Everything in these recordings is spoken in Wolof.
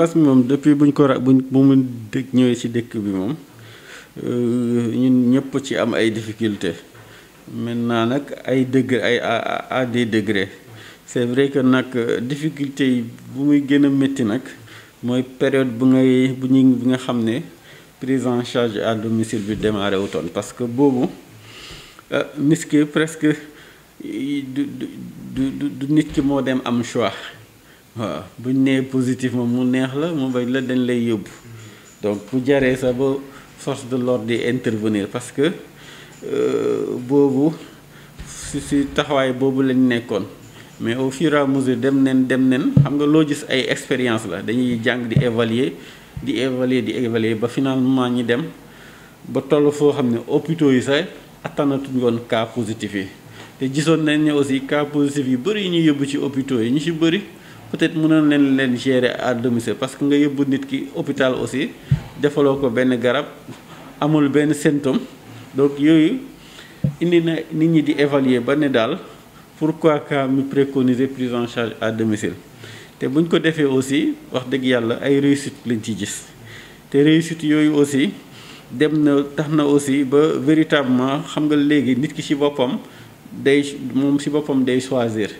mbas mi moom depuis buñ ko buñ bu mu dëkk ñëwee ci dëkk bi moom euh, ñun ñëpp ci am ay difficulté maintenant nag ay degré ay à des degrés c'est vrai que nag euh, difficulté yi bu muy gën a métti nag mooy période bu ngay bu ñu bi nga xam ne prise en charge à domicile bi démarré wutoon parce que boobu euh, nit ki presque du du du nit ki moo dem am choix waaw bu ñu positif moom mu neex la mu la dañ lay donc pour jaree ça ba force de l'ordre d'intervenir parce que euh, si si taxawaay boobu lañ nekkoon mais au fur et à mesure dem nen dem nen xam nga loo gis ay expérience la dañuy jang di évaluer di évaluer di évaluer ba finalement ñi dem ba toll fo xam ne hôpitaux yi tout attanatuñ woon cas positif yi te gisoon aussi cas positif yu bëri yi ñu yóbbu ci hôpitaux yi ci peut-être mënoon leen leen gérer à domicile parce que nga yóbbu nit ki hôpital aussi defalo ko ben garab amul ben symptôme donc yooyu indi na nit ñi di évaluer ba né dal pourquoi cas mi préconiser prise en charge à domicile té buñ ko défé aussi wax deug yalla ay réussite lañ ci gis té réussite yooyu aussi dem na tax na aussi ba véritablement xam nga légui nit ki ci bopam day mom ci bopam day choisir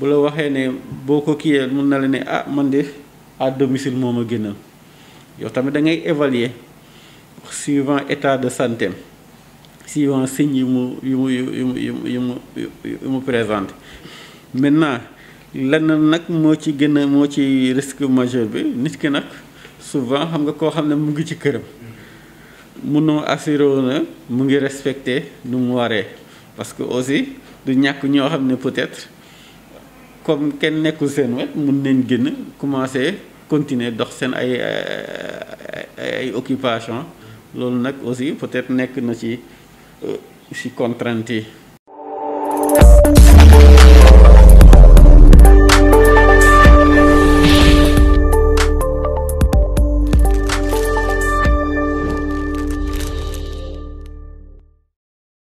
bu la waxee ne boo ko la ah man à domicile moo ma gënal yow tamit da ngay évaluer suivant état de santé suivant signe mu yu yu présente maintenant lenn nag moo ci gën a ci risque majeur bi nit ki souvent xam nga koo xam mu ngi ci këram assuré mu ngi respecté parce que aussi du ñàkk ñoo ne peut-être comme kenn nekkul seen wet mun nañ génn commencer continuer dox seen ay euh, ay occupation loolu nag aussi peut-être nek na ci euh, ci contrainte